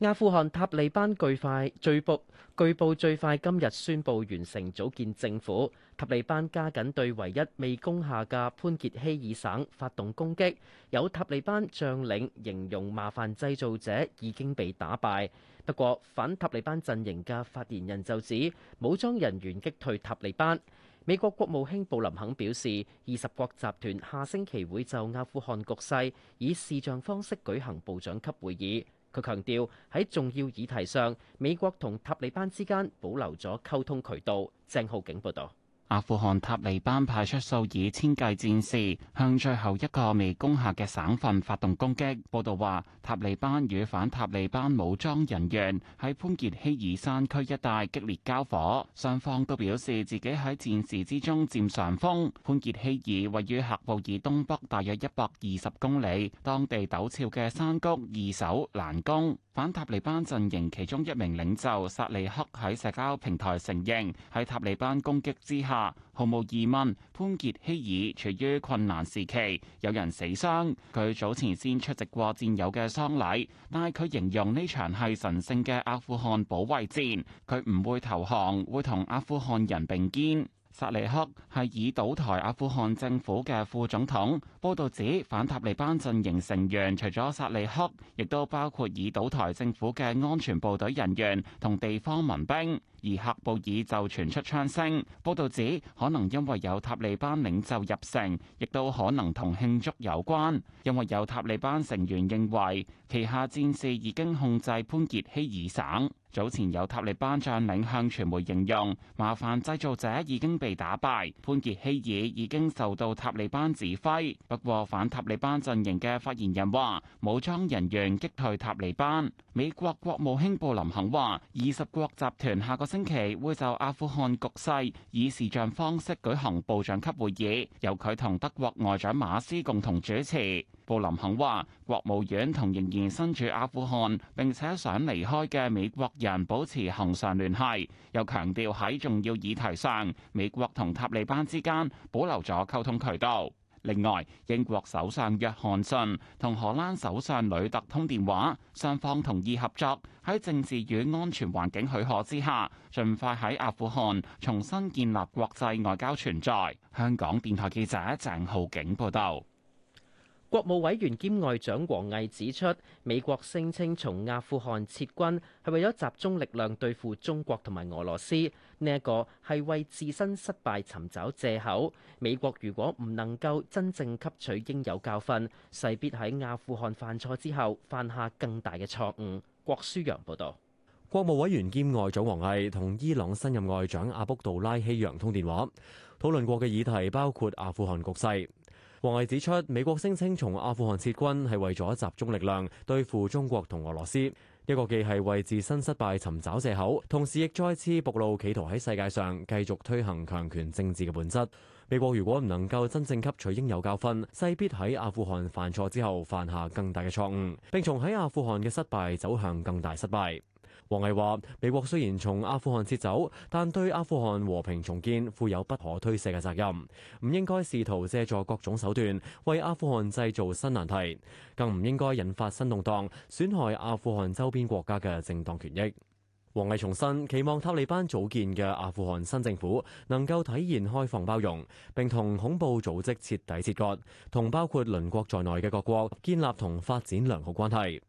阿富汗塔利班巨快追捕，據報，最快今日宣布完成組建政府。塔利班加緊對唯一未攻下嘅潘傑希爾省發動攻擊，有塔利班將領形容麻煩製造者已經被打敗。不過反塔利班陣營嘅發言人就指武裝人員擊退塔利班。美國國務卿布林肯表示，二十國集團下星期會就阿富汗局勢以視像方式舉行部長級會議。佢強調喺重要議題上，美國同塔利班之間保留咗溝通渠道。鄭浩景報道。阿富汗塔利班派出數以千計戰士向最後一個未攻下嘅省份發動攻擊。報道話，塔利班與反塔利班武裝人員喺潘傑希爾山區一帶激烈交火，雙方都表示自己喺戰事之中佔上風。潘傑希爾位於喀布爾東北，大約一百二十公里，當地陡峭嘅山谷易守難攻。反塔利班陣營其中一名領袖薩利克喺社交平台承認，喺塔利班攻擊之下。毫無疑問，潘傑希爾處於困難時期，有人死傷，佢早前先出席過戰友嘅喪禮，但係佢形容呢場係神聖嘅阿富汗保衛戰，佢唔會投降，會同阿富汗人並肩。薩利克係已倒台阿富汗政府嘅副總統。報道指反塔利班陣營成員除咗薩利克，亦都包括已倒台政府嘅安全部隊人員同地方民兵。而喀布爾就傳出槍聲，報道指可能因為有塔利班領袖入城，亦都可能同慶祝有關。因為有塔利班成員認為旗下戰士已經控制潘傑希爾省。早前有塔利班將領向傳媒形容，麻煩製造者已經被打敗，潘傑希爾已經受到塔利班指揮。不過反塔利班陣營嘅發言人話，武裝人員擊退塔利班。美國國務卿布林肯話，二十國集團下個星期會就阿富汗局勢以視像方式舉行部長級會議，由佢同德國外長馬斯共同主持。布林肯話：國務院同仍然身處阿富汗並且想離開嘅美國人保持恆常聯繫，又強調喺重要議題上，美國同塔利班之間保留咗溝通渠道。另外，英國首相約翰遜同荷蘭首相呂特通電話，雙方同意合作，喺政治與安全環境許可之下，盡快喺阿富汗重新建立國際外交存在。香港電台記者鄭浩景報道，國務委員兼外長王毅指出，美國聲稱從阿富汗撤軍係為咗集中力量對付中國同埋俄羅斯。呢一個係為自身失敗尋找借口。美國如果唔能夠真正吸取應有教訓，勢必喺阿富汗犯錯之後犯下更大嘅錯誤。郭舒揚報導。國務委員兼外長王毅同伊朗新任外長阿卜杜拉希揚通電話，討論過嘅議題包括阿富汗局勢。王毅指出，美國聲稱從阿富汗撤軍係為咗集中力量對付中國同俄羅斯，一個既係為自身失敗尋找借口，同時亦再次暴露企圖喺世界上繼續推行強權政治嘅本質。美國如果唔能夠真正吸取應有教訓，勢必喺阿富汗犯錯之後犯下更大嘅錯誤，並從喺阿富汗嘅失敗走向更大失敗。王毅話：美國雖然從阿富汗撤走，但對阿富汗和平重建負有不可推卸嘅責任，唔應該試圖借助各種手段為阿富汗製造新難題，更唔應該引發新動盪，損害阿富汗周邊國家嘅正當權益。王毅重申，期望塔利班組建嘅阿富汗新政府能夠體現開放包容，並同恐怖組織徹底切割，同包括鄰國在內嘅各國建立同發展良好關係。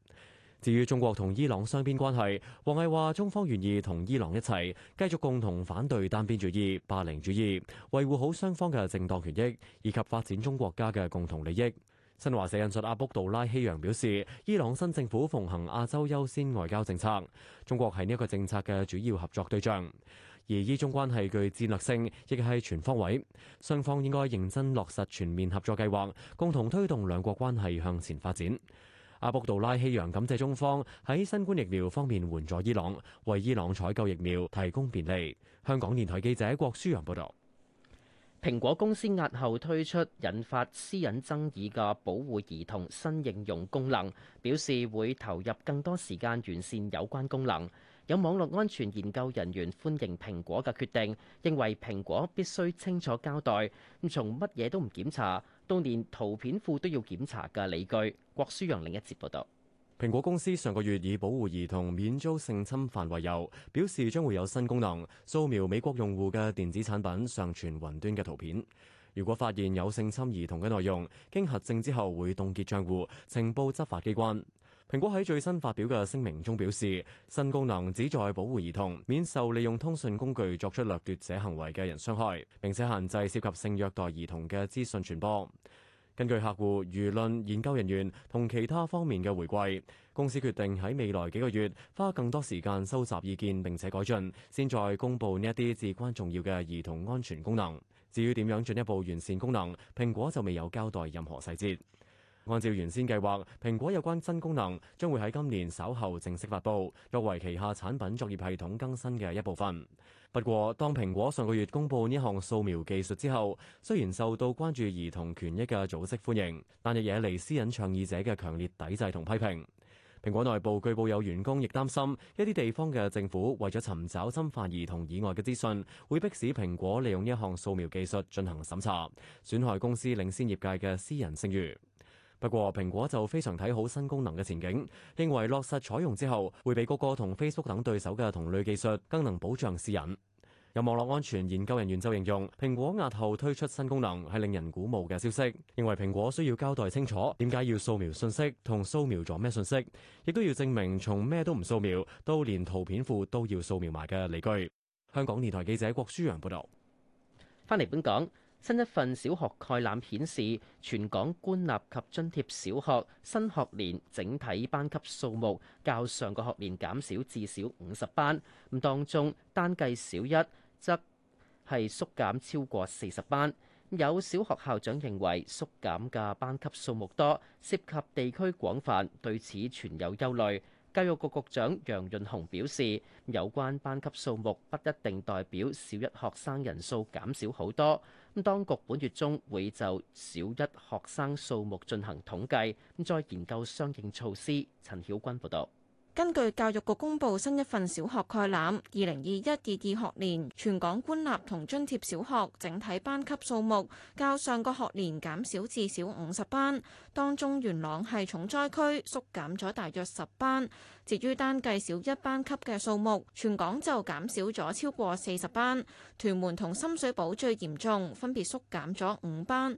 至於中國同伊朗雙邊關係，王毅話：中方願意同伊朗一齊繼續共同反對單邊主義、霸凌主義，維護好雙方嘅正當權益以及發展中國家嘅共同利益。新華社引述阿卜杜拉希揚表示：伊朗新政府奉行亞洲優先外交政策，中國係呢一個政策嘅主要合作對象。而伊中關係具戰略性，亦係全方位，雙方應該認真落實全面合作計劃，共同推動兩國關係向前發展。阿卜杜拉希揚感謝中方喺新冠疫苗方面援助伊朗，為伊朗採購疫苗提供便利。香港電台記者郭舒揚報導。蘋果公司押後推出引發私隱爭議嘅保護兒童新應用功能，表示會投入更多時間完善有關功能。有網絡安全研究人員歡迎蘋果嘅決定，認為蘋果必須清楚交代，咁從乜嘢都唔檢查，到連圖片庫都要檢查嘅理據。郭舒揚另一節報導。蘋果公司上個月以保護兒童免遭性侵犯為由，表示將會有新功能掃描美國用戶嘅電子產品上傳雲端嘅圖片，如果發現有性侵兒童嘅內容，經核證之後會凍結帳戶，呈報執法機關。蘋果喺最新發表嘅聲明中表示，新功能旨在保護兒童，免受利用通訊工具作出掠奪者行為嘅人傷害，並且限制涉及性虐待兒童嘅資訊傳播。根據客戶、輿論研究人員同其他方面嘅回饋，公司決定喺未來幾個月花更多時間收集意見並且改進，先再公布呢一啲至關重要嘅兒童安全功能。至於點樣進一步完善功能，蘋果就未有交代任何細節。按照原先計劃，蘋果有關新功能將會喺今年稍後正式發布，作為旗下產品作業系統更新嘅一部分。不過，當蘋果上個月公布呢項掃描技術之後，雖然受到關注兒童權益嘅組織歡迎，但亦惹嚟私隱倡議者嘅強烈抵制同批評。蘋果內部據報有員工亦擔心，一啲地方嘅政府為咗尋找侵犯兒童以外嘅資訊，會迫使蘋果利用呢項掃描技術進行審查，損害公司領先業界嘅私人聲譽。不過蘋果就非常睇好新功能嘅前景，認為落實採用之後，會比谷歌同 Facebook 等對手嘅同類技術更能保障私隱。有網絡安全研究人員就形容，蘋果押後推出新功能係令人鼓舞嘅消息，認為蘋果需要交代清楚點解要掃描信息同掃描咗咩信息，亦都要證明從咩都唔掃描到連圖片庫都要掃描埋嘅理據。香港電台記者郭舒陽報道。翻嚟本港。新一份小學概覽顯示，全港官立及津貼小學新學年整體班級數目較上個學年減少至少五十班，當中單計小一則係縮減超過四十班。有小學校長認為縮減嘅班級數目多，涉及地區廣泛，對此存有憂慮。教育局局長楊潤雄表示，有關班級數目不一定代表小一學生人數減少好多。咁當局本月中會就小一學生數目進行統計，再研究相應措施。陳曉君報道。根據教育局公布新一份小學概覽，二零二一二二學年全港官立同津貼小學整體班級數目較上個學年減少至少五十班，當中元朗係重災區，縮減咗大約十班。至於單計小一班級嘅數目，全港就減少咗超過四十班，屯門同深水埗最嚴重，分別縮減咗五班。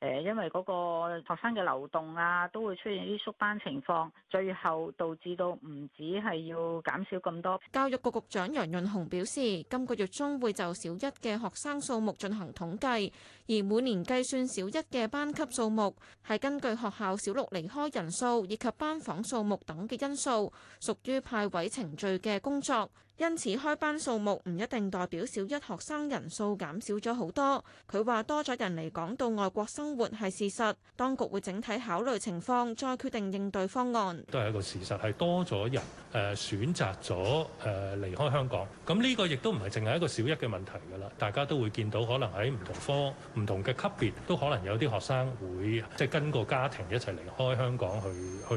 誒，因為嗰個學生嘅流動啊，都會出現啲縮班情況，最後導致到唔止係要減少咁多。教育局局長楊潤雄表示，今個月中會就小一嘅學生數目進行統計，而每年計算小一嘅班級數目係根據學校小六離開人數，以及班房數目等嘅因素，屬於派位程序嘅工作。因此，開班數目唔一定代表小一學生人數減少咗好多。佢話多咗人嚟港到外國生活係事實，當局會整體考慮情況再決定應對方案。都係一個事實，係多咗人誒、呃、選擇咗誒離開香港。咁呢個亦都唔係淨係一個小一嘅問題噶啦。大家都會見到，可能喺唔同科、唔同嘅級別，都可能有啲學生會即係跟個家庭一齊離開香港去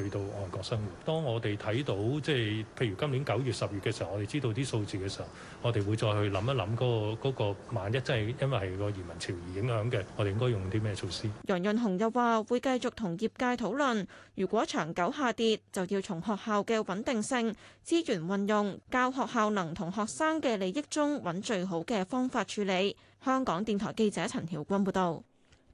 去到外國生活。當我哋睇到即係譬如今年九月、十月嘅時候，我哋知道。啲數字嘅時候，我哋會再去諗一諗嗰個嗰個萬一真係因為係個移民潮而影響嘅，我哋應該用啲咩措施？楊潤雄又話：會繼續同業界討論，如果長久下跌，就要從學校嘅穩定性、資源運用、教學效能同學生嘅利益中揾最好嘅方法處理。香港電台記者陳曉君報道。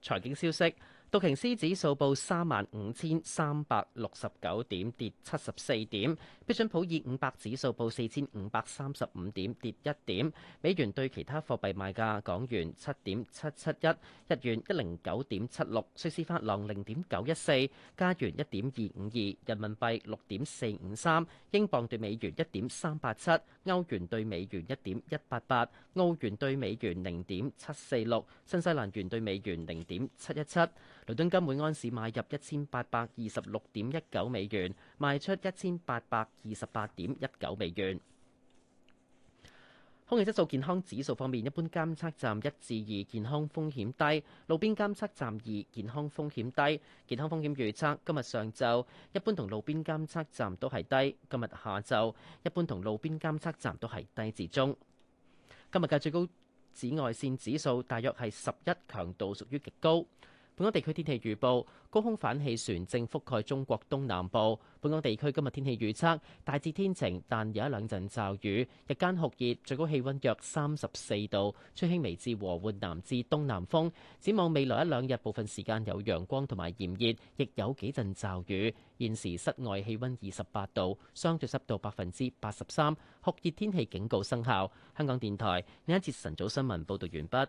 財經消息。道瓊斯指數報三萬五千三百六十九點，跌七十四點。標準普爾五百指數報四千五百三十五點，跌一點。美元對其他貨幣賣價：港元七點七七一，日元一零九點七六，瑞士法郎零點九一四，加元一點二五二，人民幣六點四五三，英鎊對美元一點三八七，歐元對美元一點一八八，澳元對美元零點七四六，新西蘭元對美元零點七一七。倫敦金每安士買入一千八百二十六點一九美元，賣出一千八百二十八點一九美元。空氣質素健康指數方面，一般監測站一至二，健康風險低；路邊監測站二，健康風險低。健康風險預測，今日上晝一般同路邊監測站都係低，今日下晝一般同路邊監測站都係低至中。今日嘅最高紫外線指數大約係十一，強度屬於極高。本港地區天氣預報，高空反氣旋正覆蓋中國東南部。本港地區今日天，天氣預測大致天晴，但有一兩陣驟雨。日間酷熱，最高氣温約三十四度，吹輕微至和緩南至東南風。展望未來一兩日，部分時間有陽光同埋炎熱，亦有幾陣驟雨。現時室外氣温二十八度，相對濕度百分之八十三，酷熱天氣警告生效。香港電台呢一節晨早新聞報道完畢。